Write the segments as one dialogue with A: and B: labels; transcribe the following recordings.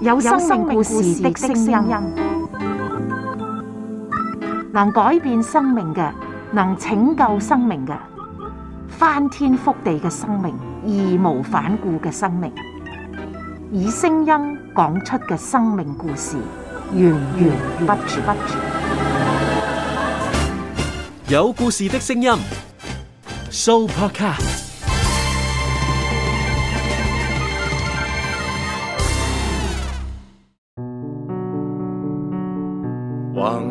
A: 有生命故事的聲音，能改變生命嘅，能拯救生命嘅，翻天覆地嘅生命，義無反顧嘅生命，以聲音講出嘅生命故事，源源不絕。有故事的聲音，Sooopodcast。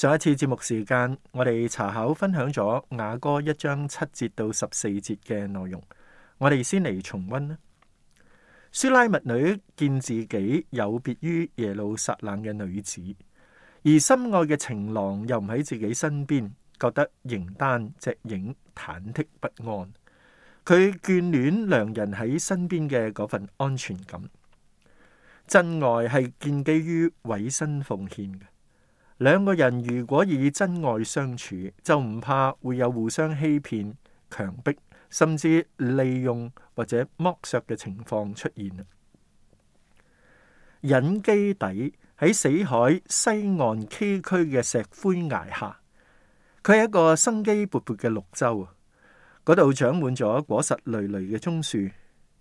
A: 上一次節目時間，我哋查考分享咗雅歌一章七節到十四節嘅內容。我哋先嚟重溫啦。舒拉密女見自己有別於耶路撒冷嘅女子，而心愛嘅情郎又唔喺自己身邊，覺得形單隻影，忐忑不安。佢眷戀良人喺身邊嘅嗰份安全感。真愛係建基於委身奉獻嘅。兩個人如果以真愛相處，就唔怕會有互相欺騙、強迫，甚至利用或者剝削嘅情況出現啦。隱基底喺死海西岸崎嶇嘅石灰崖下，佢係一個生機勃勃嘅綠洲啊！嗰度長滿咗果實累累嘅棕樹，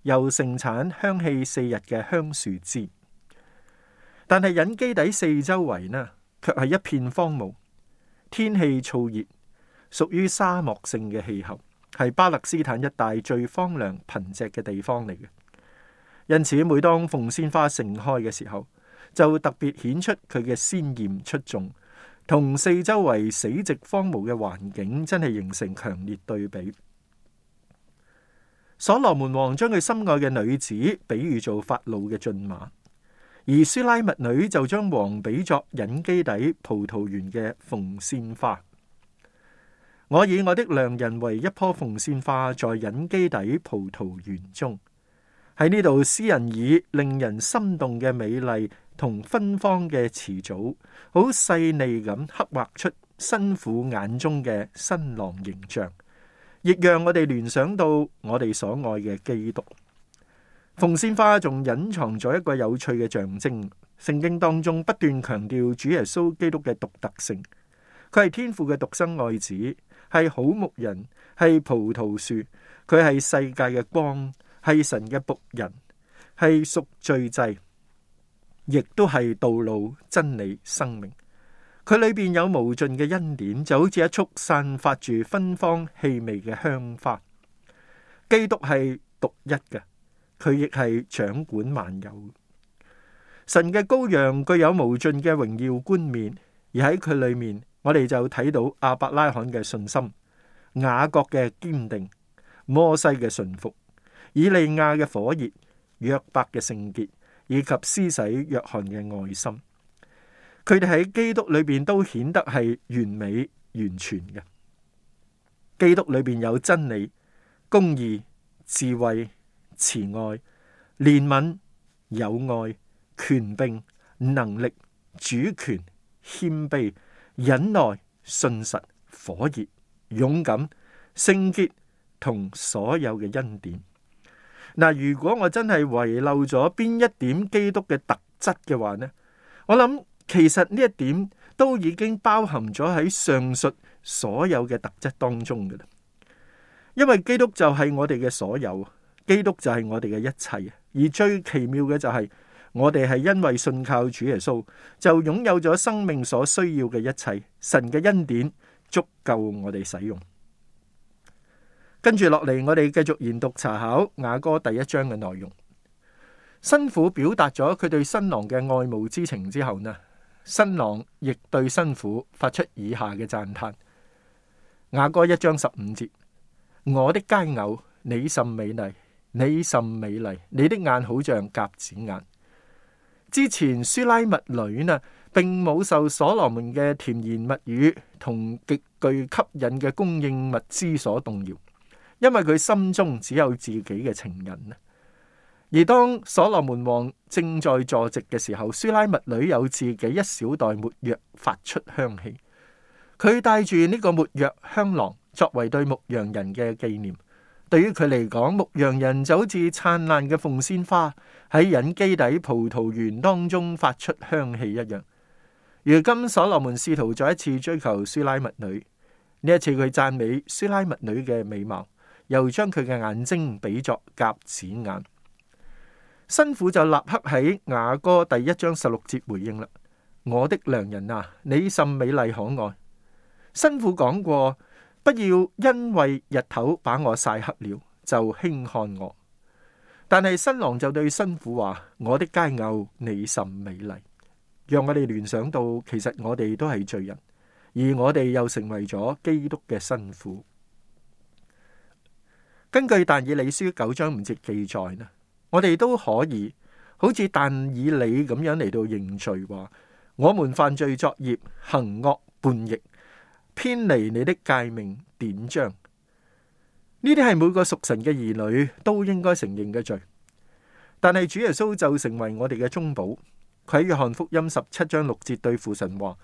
A: 又盛產香氣四日嘅香樹枝。但係隱基底四周圍呢？卻係一片荒蕪，天氣燥熱，屬於沙漠性嘅氣候，係巴勒斯坦一帶最荒涼貧瘠嘅地方嚟嘅。因此，每當鳳仙花盛開嘅時候，就特別顯出佢嘅鮮艷出眾，同四周圍死寂荒蕪嘅環境真係形成強烈對比。所羅門王將佢心愛嘅女子比喻做法老嘅駿馬。而蘇拉密女就將王比作隱基底葡萄園嘅鳳仙花。我以我的良人為一棵鳳仙花，在隱基底葡萄園中。喺呢度，詩人以令人心動嘅美麗同芬芳嘅詞組，好細膩咁刻畫出新婦眼中嘅新郎形象，亦讓我哋聯想到我哋所愛嘅基督。鳳仙花仲隱藏咗一個有趣嘅象徵。聖經當中不斷強調主耶穌基督嘅獨特性，佢係天父嘅獨生愛子，係好牧人，係葡萄樹，佢係世界嘅光，係神嘅僕人，係贖罪祭，亦都係道路、真理、生命。佢裏面有無盡嘅恩典，就好似一束散發住芬芳氣味嘅香花。基督係獨一嘅。佢亦係掌管萬有，神嘅羔羊具有無盡嘅榮耀冠冕。而喺佢裏面，我哋就睇到亞伯拉罕嘅信心、雅各嘅堅定、摩西嘅順服、以利亞嘅火熱、約伯嘅聖潔，以及施洗約翰嘅愛心。佢哋喺基督裏邊都顯得係完美完全嘅。基督裏邊有真理、公義、智慧。慈愛、憐憫、友愛、權柄、能力、主權、謙卑、忍耐、信實、火熱、勇敢、聖潔同所有嘅恩典。嗱，如果我真係遺漏咗邊一點基督嘅特質嘅話呢，我諗其實呢一點都已經包含咗喺上述所有嘅特質當中㗎喇，因為基督就係我哋嘅所有。基督就係我哋嘅一切，而最奇妙嘅就係我哋係因為信靠主耶穌，就擁有咗生命所需要嘅一切。神嘅恩典足夠我哋使用。跟住落嚟，我哋繼續研讀查考雅歌第一章嘅內容。新婦表達咗佢對新郎嘅愛慕之情之後呢，新郎亦對新婦發出以下嘅讚嘆：雅歌一章十五節，我的佳偶，你甚美麗你甚美麗，你的眼好像鴿子眼。之前，書拉密女呢，並冇受所羅門嘅甜言蜜語同極具吸引嘅供應物資所動搖，因為佢心中只有自己嘅情人。而當所羅門王正在坐席嘅時候，書拉密女有自己一小袋沒藥發出香氣，佢帶住呢個沒藥香囊作為對牧羊人嘅紀念。對於佢嚟講，牧羊人就好似燦爛嘅鳳仙花喺隱基底葡萄園當中發出香氣一樣。如今所羅門試圖再一次追求舒拉密女，呢一次佢讚美舒拉密女嘅美貌，又將佢嘅眼睛比作鴿子眼。新婦就立刻喺雅歌第一章十六節回應啦：，我的良人啊，你甚美麗可愛。新婦講過。不要因為日頭把我晒黑了就輕看我，但係新郎就對新婦話：我的佳偶你甚美麗，讓我哋聯想到其實我哋都係罪人，而我哋又成為咗基督嘅新婦。」根據但以理書九章五節記載呢，我哋都可以好似但以理咁樣嚟到認罪話：我們犯罪作孽，行惡叛逆。偏離你的誡命典章，呢啲係每個屬神嘅兒女都應該承認嘅罪。但係主耶穌就成為我哋嘅中保。佢喺約翰福音十七章六節對父神話：，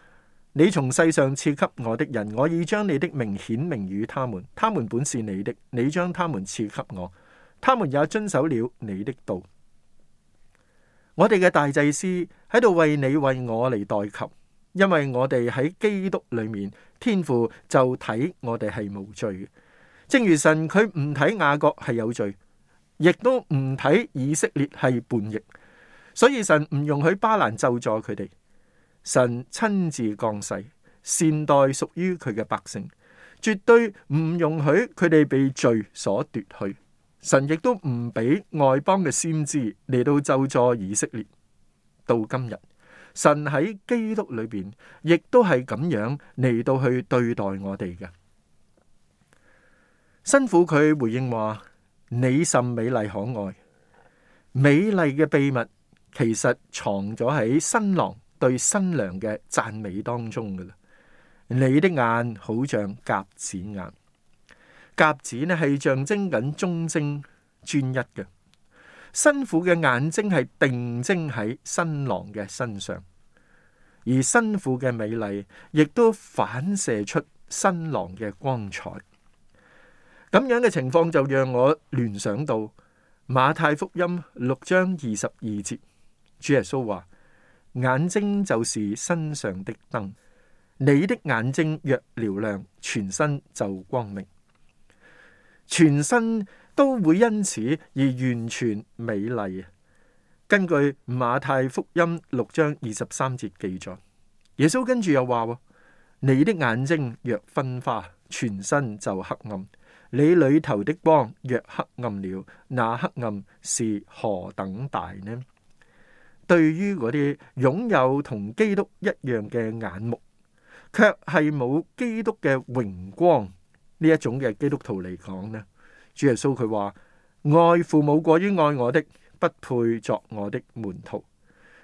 A: 你從世上賜給我的人，我已將你的名顯明與他們，他們本是你的，你將他們賜給我，他們也遵守了你的道。我哋嘅大祭司喺度為你為我嚟代求。因為我哋喺基督裏面，天父就睇我哋係無罪，正如神佢唔睇雅各係有罪，亦都唔睇以色列係叛逆，所以神唔容許巴蘭咒詛佢哋，神親自降世善待屬於佢嘅百姓，絕對唔容許佢哋被罪所奪去。神亦都唔俾外邦嘅先知嚟到咒詛以色列，到今日。神喺基督裏邊，亦都係咁樣嚟到去對待我哋嘅。辛苦佢回應話：你甚美麗可愛，美麗嘅秘密其實藏咗喺新郎對新娘嘅讚美當中噶啦。你的眼好像鴿子眼，鴿子呢係象徵緊忠貞專一嘅。新婦嘅眼睛係定睛喺新郎嘅身上，而新婦嘅美麗亦都反射出新郎嘅光彩。咁樣嘅情況就讓我聯想到馬太福音六章二十二節，主耶穌話：眼睛就是身上的燈，你的眼睛若嘹亮，全身就光明，全身。都會因此而完全美麗。根據馬太福音六章二十三節記載，耶穌跟住又話：「你的眼睛若昏花，全身就黑暗；你裏頭的光若黑暗了，那黑暗是何等大呢？對於嗰啲擁有同基督一樣嘅眼目，却係冇基督嘅榮光呢一種嘅基督徒嚟講呢？主耶穌佢話：愛父母過於愛我的，不配作我的門徒；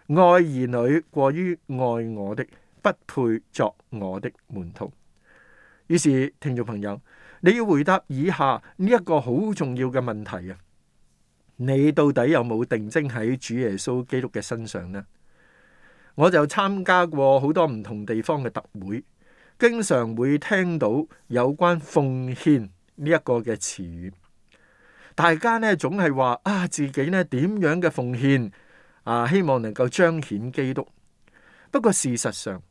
A: 愛兒女過於愛我的，不配作我的門徒。於是，聽眾朋友，你要回答以下呢一個好重要嘅問題啊！你到底有冇定睛喺主耶穌基督嘅身上呢？我就參加過好多唔同地方嘅特會，經常會聽到有關奉獻呢一個嘅詞語。大家呢，總係話啊自己呢點樣嘅奉獻啊，希望能夠彰顯基督。不過事實上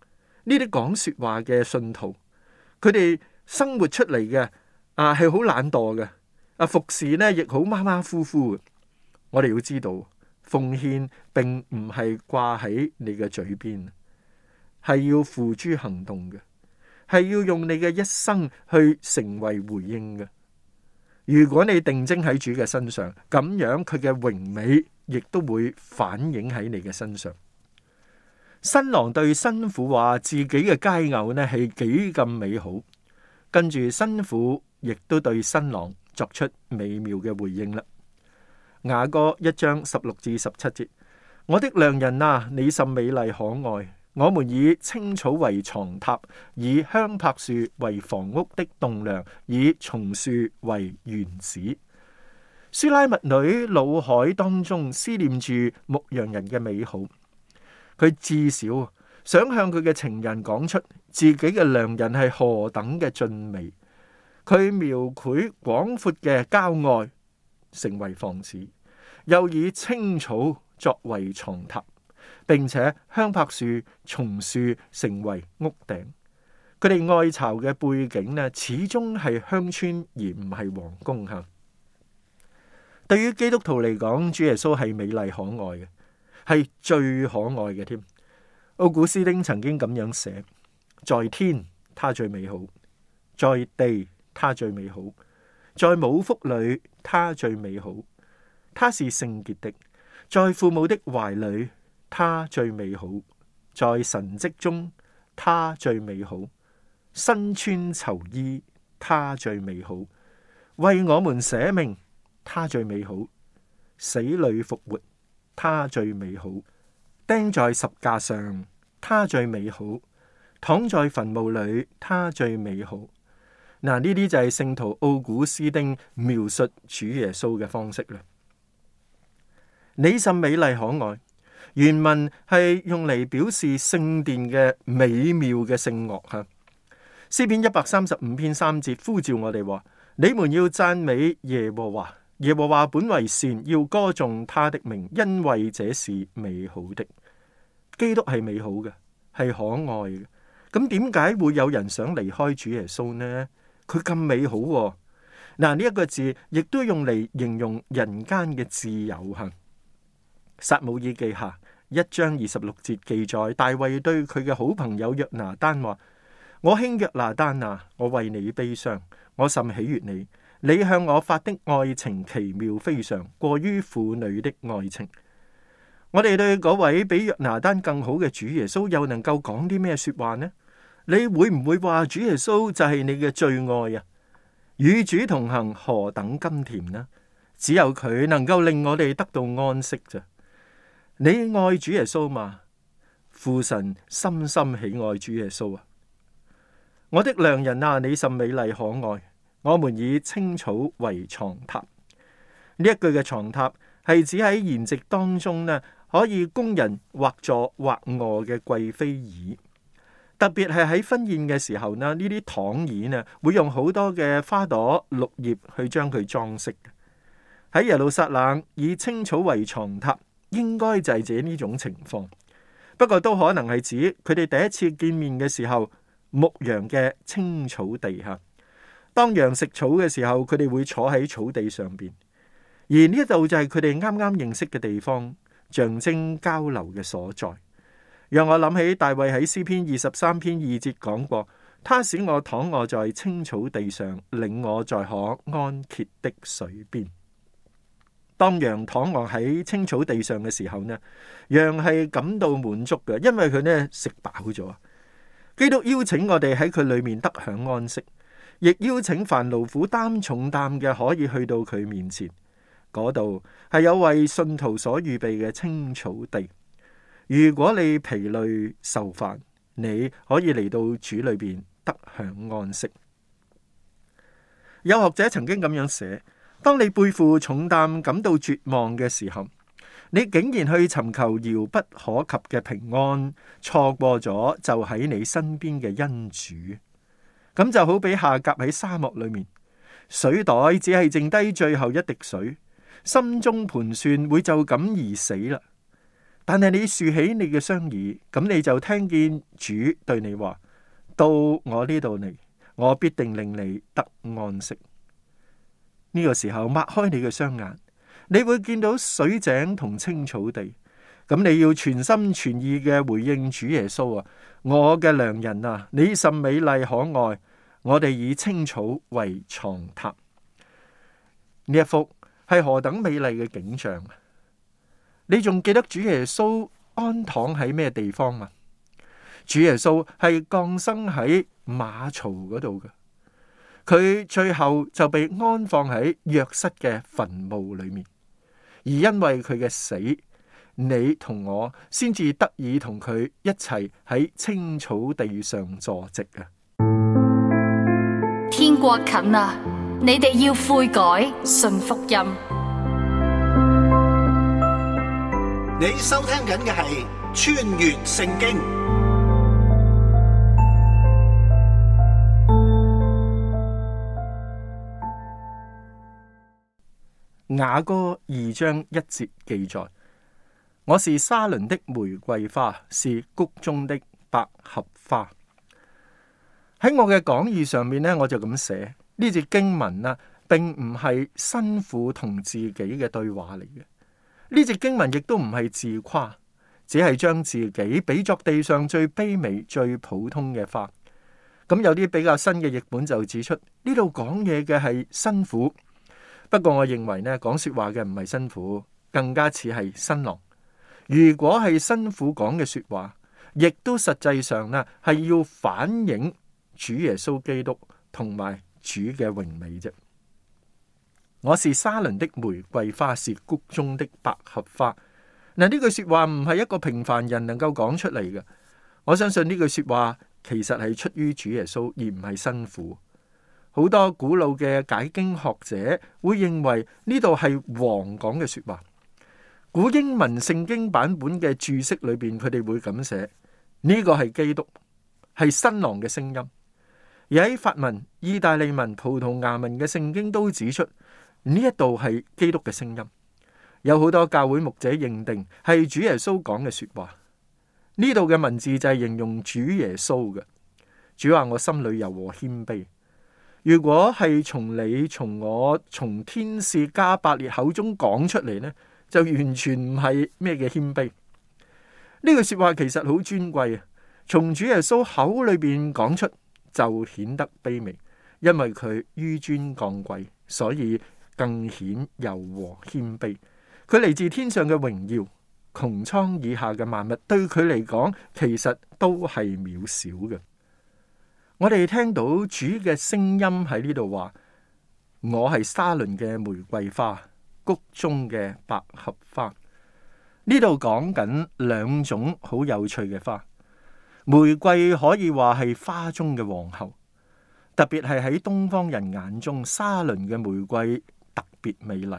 A: 呢啲講說話嘅信徒，佢哋生活出嚟嘅啊，係好懶惰嘅啊，服侍呢亦好馬馬虎虎。我哋要知道奉獻並唔係掛喺你嘅嘴邊，係要付諸行動嘅，係要用你嘅一生去成為回應嘅。如果你定睛喺主嘅身上，咁樣佢嘅榮美亦都會反映喺你嘅身上。新郎對新婦話自己嘅佳偶呢係幾咁美好，跟住新婦亦都對新郎作出美妙嘅回應啦。雅歌一章十六至十七節，我的良人啊，你甚美麗可愛。我們以青草為床榻，以香柏樹為房屋的棟樑，以松樹為椽子。舒拉密女腦海當中思念住牧羊人嘅美好，佢至少想向佢嘅情人講出自己嘅良人係何等嘅俊美。佢描繪廣闊嘅郊外，成為房子，又以青草作為床榻。並且香柏樹、松樹成為屋頂，佢哋愛巢嘅背景咧，始終係鄉村而唔係皇宮。吓，對於基督徒嚟講，主耶穌係美麗可愛嘅，係最可愛嘅添。奧古斯丁曾經咁樣寫：在天，他最美好；在地，他最美好；在母腹裏，他最美好。他是聖潔的，在父母的懷裏。他最美好，在神蹟中，他最美好；身穿囚衣，他最美好；為我們捨命，他最美好；死裏復活，他最美好；釘在十架上，他最美好；躺在墳墓裏，他最美好。嗱，呢啲就係聖徒奧古斯丁描述主耶穌嘅方式啦。你甚美麗可愛。原文係用嚟表示聖殿嘅美妙嘅聖樂吓，詩篇一百三十五篇三節呼召我哋話：你們要讚美耶和華，耶和華本為善，要歌頌他的名，因為這是美好的。基督係美好嘅，係可愛嘅。咁點解會有人想離開主耶穌呢？佢咁美好啊。嗱，呢一個字亦都用嚟形容人間嘅自由性。撒母耳記下一章二十六節記載，大衛對佢嘅好朋友約拿單話：我兄約拿單啊，我為你悲傷，我甚喜悅你。你向我發的愛情奇妙非常，過於婦女的愛情。我哋對嗰位比約拿單更好嘅主耶穌，又能夠講啲咩說話呢？你會唔會話主耶穌就係你嘅最愛啊？與主同行何等甘甜呢？只有佢能夠令我哋得到安息咋。你愛主耶穌嘛？父神深深喜愛主耶穌啊！我的良人啊，你甚美麗可愛。我們以青草為床榻。呢一句嘅床榻係指喺筵席當中呢，可以供人或坐或臥嘅貴妃椅。特別係喺婚宴嘅時候呢，呢啲躺椅啊，會用好多嘅花朵、綠葉去將佢裝飾。喺耶路撒冷，以青草為床榻。應該就係這呢種情況，不過都可能係指佢哋第一次見面嘅時候，牧羊嘅青草地下。當羊食草嘅時候，佢哋會坐喺草地上邊，而呢度就係佢哋啱啱認識嘅地方，象徵交流嘅所在。讓我諗起大衛喺詩篇二十三篇二節講過：他使我躺卧在青草地上，領我在可安歇的水邊。當羊躺臥喺青草地上嘅時候呢，羊係感到滿足嘅，因為佢呢食飽咗。基督邀請我哋喺佢裏面得享安息，亦邀請凡勞苦擔重擔嘅可以去到佢面前。嗰度係有為信徒所預備嘅青草地。如果你疲累受煩，你可以嚟到主裏邊得享安息。有學者曾經咁樣寫。當你背負重擔、感到絕望嘅時候，你竟然去尋求遙不可及嘅平安，錯過咗就喺你身邊嘅恩主。咁就好比下夾喺沙漠裏面，水袋只係剩低最後一滴水，心中盤算會就咁而死啦。但係你豎起你嘅雙耳，咁你就聽見主對你話：到我呢度嚟，我必定令你得安息。呢個時候，擘開你嘅雙眼，你會見到水井同青草地。咁你要全心全意嘅回應主耶穌啊！我嘅良人啊，你甚美麗可愛，我哋以青草為床榻。呢一幅係何等美麗嘅景象！你仲記得主耶穌安躺喺咩地方嘛？主耶穌係降生喺馬槽嗰度嘅。佢最後就被安放喺約瑟嘅墳墓裏面，而因為佢嘅死，你同我先至得以同佢一齊喺青草地上坐席啊！天國近啦，你哋要悔改，信福音。你收聽緊嘅係《穿越聖經》。雅歌二章一節記載：我是沙崙的玫瑰花，是谷中的百合花。喺我嘅講義上面呢，我就咁寫呢節經文啦，啊，並唔係辛苦同自己嘅對話嚟嘅。呢節經文亦都唔係自誇，只係將自己比作地上最卑微、最普通嘅花。咁有啲比較新嘅譯本就指出呢度講嘢嘅係辛苦。不過我認為呢，講說話嘅唔係辛苦，更加似係新郎。如果係辛苦講嘅說話，亦都實際上呢係要反映主耶穌基督同埋主嘅榮美啫。我是沙倫的玫瑰花，是谷中的百合花。嗱，呢句說話唔係一個平凡人能夠講出嚟嘅。我相信呢句說話其實係出於主耶穌，而唔係辛苦。好多古老嘅解經學者會認為呢度係王講嘅說話。古英文聖經版本嘅注釋裏邊，佢哋會咁寫：呢個係基督，係新郎嘅聲音。而喺法文、意大利文、葡萄牙文嘅聖經都指出呢一度係基督嘅聲音。有好多教會牧者認定係主耶穌講嘅說話。呢度嘅文字就係形容主耶穌嘅。主話：我心裏柔和謙卑。如果係從你，從我，從天使加百列口中講出嚟呢，就完全唔係咩嘅謙卑。呢句說話其實好尊貴啊，從主耶穌口裏邊講出就顯得卑微，因為佢紆尊降貴，所以更顯柔和謙卑。佢嚟自天上嘅榮耀，穹蒼以下嘅萬物對佢嚟講其實都係渺小嘅。我哋聽到主嘅聲音喺呢度話：我係沙崙嘅玫瑰花，谷中嘅百合花。呢度講緊兩種好有趣嘅花。玫瑰可以話係花中嘅皇后，特別係喺東方人眼中，沙崙嘅玫瑰特別美麗。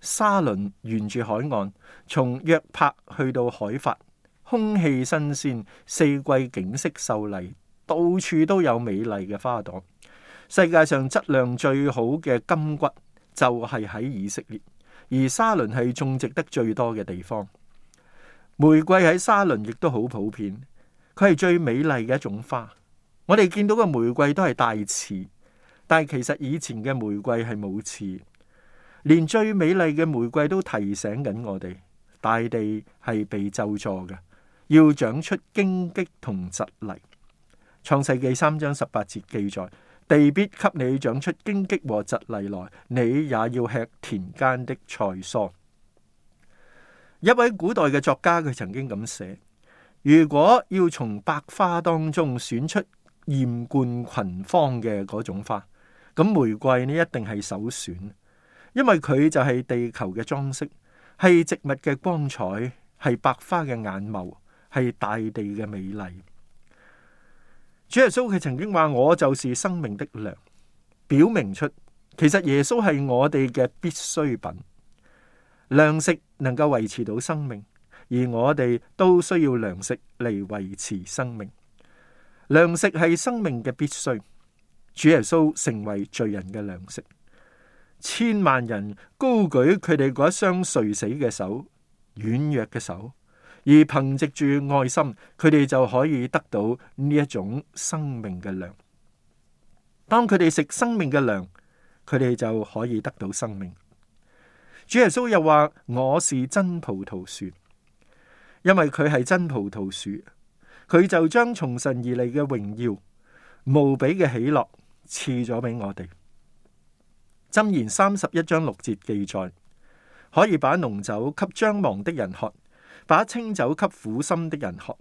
A: 沙崙沿住海岸，從約帕去到海法，空氣新鮮，四季景色秀麗。到處都有美麗嘅花朵。世界上質量最好嘅金骨就係喺以色列，而沙崙係種植得最多嘅地方。玫瑰喺沙崙亦都好普遍，佢係最美麗嘅一種花。我哋見到嘅玫瑰都係帶刺，但係其實以前嘅玫瑰係冇刺。連最美麗嘅玫瑰都提醒緊我哋，大地係被咒詛嘅，要長出荊棘同蒺藜。創世記三章十八節記載：地必給你長出荊棘和蒺藜來，你也要吃田間的菜蔬。一位古代嘅作家佢曾經咁寫：如果要從百花當中選出豔冠群芳嘅嗰種花，咁玫瑰呢一定係首選，因為佢就係地球嘅裝飾，係植物嘅光彩，係百花嘅眼眸，係大地嘅美麗。主耶穌佢曾經話：我就是生命的糧，表明出其實耶穌係我哋嘅必需品。糧食能夠維持到生命，而我哋都需要糧食嚟維持生命。糧食係生命嘅必需，主耶穌成為罪人嘅糧食，千萬人高舉佢哋嗰一雙垂死嘅手、軟弱嘅手。而憑借住愛心，佢哋就可以得到呢一種生命嘅糧。當佢哋食生命嘅糧，佢哋就可以得到生命。主耶穌又話：我是真葡萄樹，因為佢係真葡萄樹，佢就將從神而嚟嘅榮耀、無比嘅喜樂賜咗俾我哋。箴言三十一章六節記載：可以把濃酒給將亡的人喝。把清酒給苦心的人喝，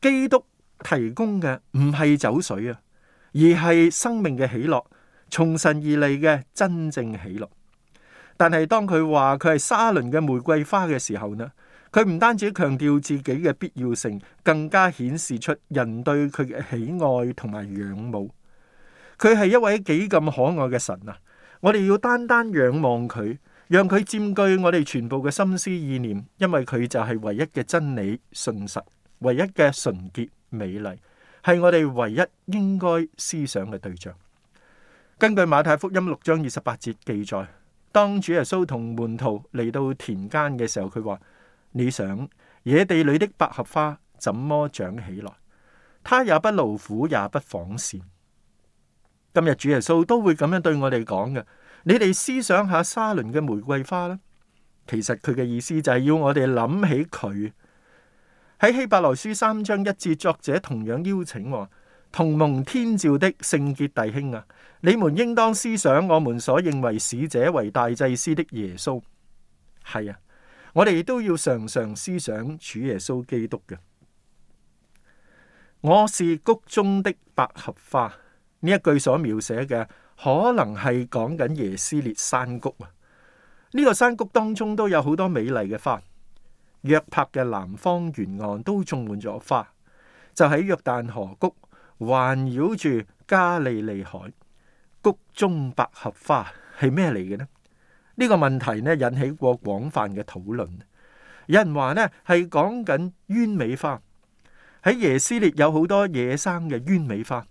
A: 基督提供嘅唔係酒水啊，而係生命嘅喜樂，從神而嚟嘅真正喜樂。但係當佢話佢係沙崙嘅玫瑰花嘅時候呢，佢唔單止強調自己嘅必要性，更加顯示出人對佢嘅喜愛同埋仰慕。佢係一位幾咁可愛嘅神啊！我哋要單單仰望佢。讓佢佔據我哋全部嘅心思意念，因為佢就係唯一嘅真理、信實、唯一嘅純潔、美麗，係我哋唯一應該思想嘅對象。根據馬太福音六章二十八節記載，當主耶穌同門徒嚟到田間嘅時候，佢話：你想野地裏的百合花怎麼長起來？他也不勞苦，也不紡線。今日主耶穌都會咁樣對我哋講嘅。你哋思想下沙倫嘅玫瑰花啦，其實佢嘅意思就係要我哋諗起佢。喺希伯來書三章一節，作者同樣邀請我，同蒙天召的聖潔弟兄啊，你們應當思想我們所認為使者為大祭司的耶穌。係啊，我哋都要常常思想主耶穌基督嘅。我是谷中的百合花呢一句所描寫嘅。可能係講緊耶斯列山谷啊？呢個山谷當中都有好多美麗嘅花。約帕嘅南方沿岸都種滿咗花，就喺約旦河谷環繞住加利利海。谷中百合花係咩嚟嘅呢？呢個問題呢，引起過廣泛嘅討論。有人話呢係講緊鳶尾花，喺耶斯列有好多野生嘅鳶尾花，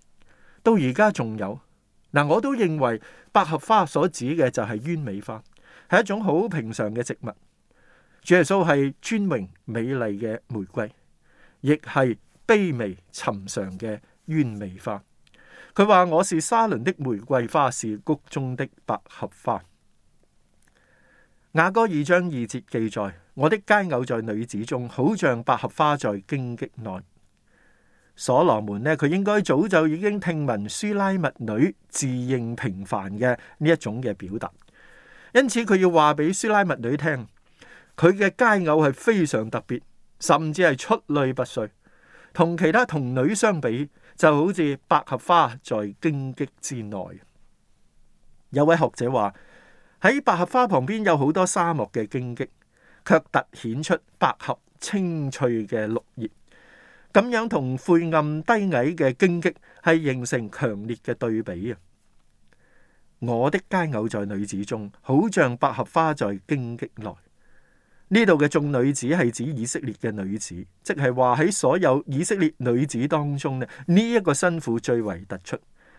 A: 到而家仲有。嗱，我都認為百合花所指嘅就係鳶尾花，係一種好平常嘅植物。主耶穌係尊榮美麗嘅玫瑰，亦係卑微尋常嘅鳶尾花。佢話：我是沙崙的玫瑰花，是谷中的百合花。雅歌二章二節記載：我的佳偶在女子中，好像百合花在荊棘內。所羅門呢，佢應該早就已經聽聞舒拉密女自認平凡嘅呢一種嘅表達，因此佢要話俾舒拉密女聽，佢嘅佳偶係非常特別，甚至係出類拔萃，同其他童女相比，就好似百合花在荊棘之內。有位學者話：喺百合花旁邊有好多沙漠嘅荊棘，卻突顯出百合清脆嘅綠葉。咁樣同晦暗、低矮嘅荊棘係形成強烈嘅對比啊！我的佳偶在女子中，好像百合花在荊棘內。呢度嘅眾女子係指以色列嘅女子，即係話喺所有以色列女子當中咧，呢一個新婦最為突出，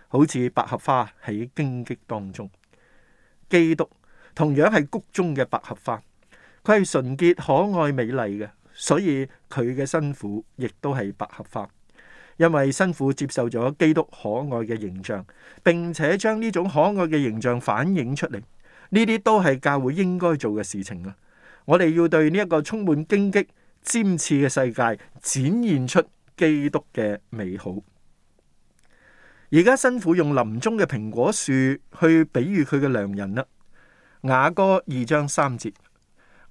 A: 好似百合花喺荊棘當中。基督同樣係谷中嘅百合花，佢係純潔、可愛、美麗嘅。所以佢嘅辛苦亦都係百合花，因為辛苦接受咗基督可愛嘅形象，並且將呢種可愛嘅形象反映出嚟，呢啲都係教會應該做嘅事情啊。我哋要對呢一個充滿荊棘尖刺嘅世界展現出基督嘅美好。而家辛苦用林中嘅蘋果樹去比喻佢嘅良人啦，《雅歌》二章三節。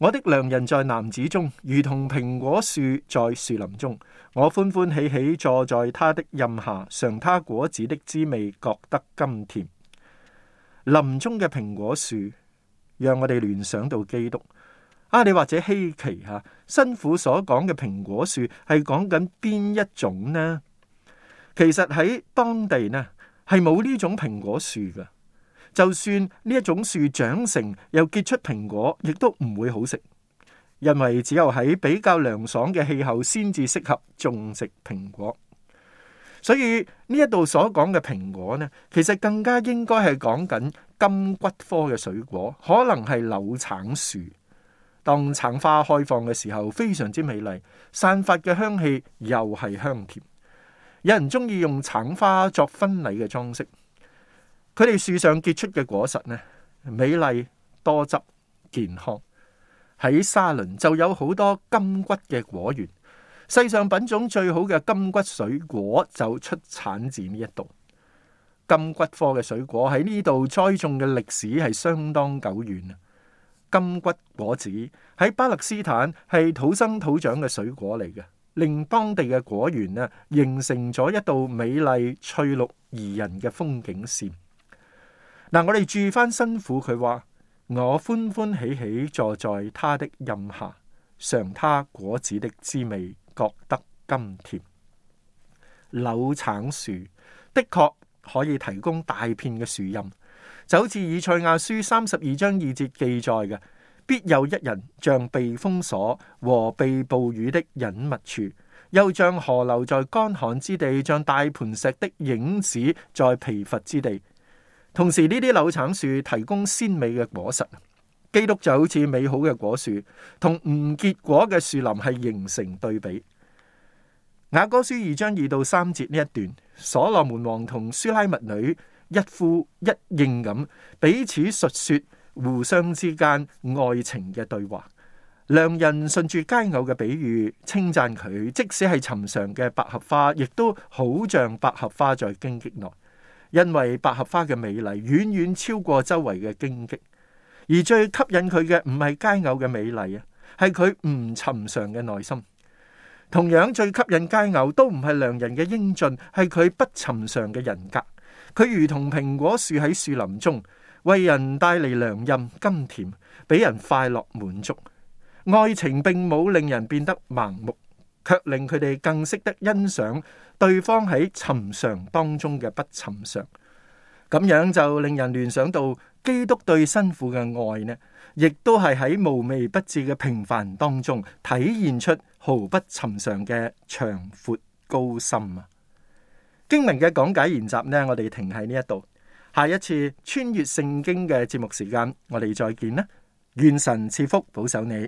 A: 我的良人在男子中，如同蘋果樹在樹林中。我歡歡喜喜坐在他的蔭下，嘗他果子的滋味，覺得甘甜。林中嘅蘋果樹，讓我哋聯想到基督。啊，你或者稀奇吓，新婦所講嘅蘋果樹係講緊邊一種呢？其實喺當地呢，係冇呢種蘋果樹㗎。就算呢一種樹長成又結出蘋果，亦都唔會好食，因為只有喺比較涼爽嘅氣候先至適合種植蘋果。所以呢一度所講嘅蘋果呢，其實更加應該係講緊金骨科嘅水果，可能係柳橙樹。當橙花開放嘅時候，非常之美麗，散發嘅香氣又係香甜。有人中意用橙花作婚禮嘅裝飾。佢哋樹上結出嘅果實呢，美麗多汁、健康。喺沙倫就有好多金骨嘅果園。世上品種最好嘅金骨水果就出產自呢一度。金骨科嘅水果喺呢度栽種嘅歷史係相當久遠啊。金骨果子喺巴勒斯坦係土生土長嘅水果嚟嘅，令當地嘅果園呢形成咗一道美麗翠綠宜人嘅風景線。.嗱，我哋住翻辛苦，佢話我歡歡喜喜坐在他的蔭下，嘗他果子的滋味，覺得甘甜。柳橙樹的確可以提供大片嘅樹蔭，就好似以賽亞書三十二章二節記載嘅：必有一人像避風所和避暴雨的隱密處，又像河流在乾旱之地，像大磐石的影子在疲乏之地。同時，呢啲柳橙樹提供鮮美嘅果實，基督就好似美好嘅果樹，同唔結果嘅樹林係形成對比。雅歌書二章二到三節呢一段，所羅門王同書拉密女一呼一應咁，彼此述説互相之間愛情嘅對話。良人順住佳偶嘅比喻，稱讚佢，即使係尋常嘅百合花，亦都好像百合花在荊棘內。因為百合花嘅美麗遠遠超過周圍嘅荊棘，而最吸引佢嘅唔係佳偶嘅美麗啊，係佢唔尋常嘅內心。同樣最吸引佳偶都唔係良人嘅英俊，係佢不尋常嘅人格。佢如同蘋果樹喺樹林中，為人帶嚟良蔭甘甜，俾人快樂滿足。愛情並冇令人變得盲目。卻令佢哋更識得欣賞對方喺尋常當中嘅不尋常，咁樣就令人聯想到基督對新婦嘅愛呢，亦都係喺無微不至嘅平凡當中體現出毫不尋常嘅長闊高深啊！經文嘅講解研習呢，我哋停喺呢一度，下一次穿越聖經嘅節目時間，我哋再見啦！願神賜福保守你。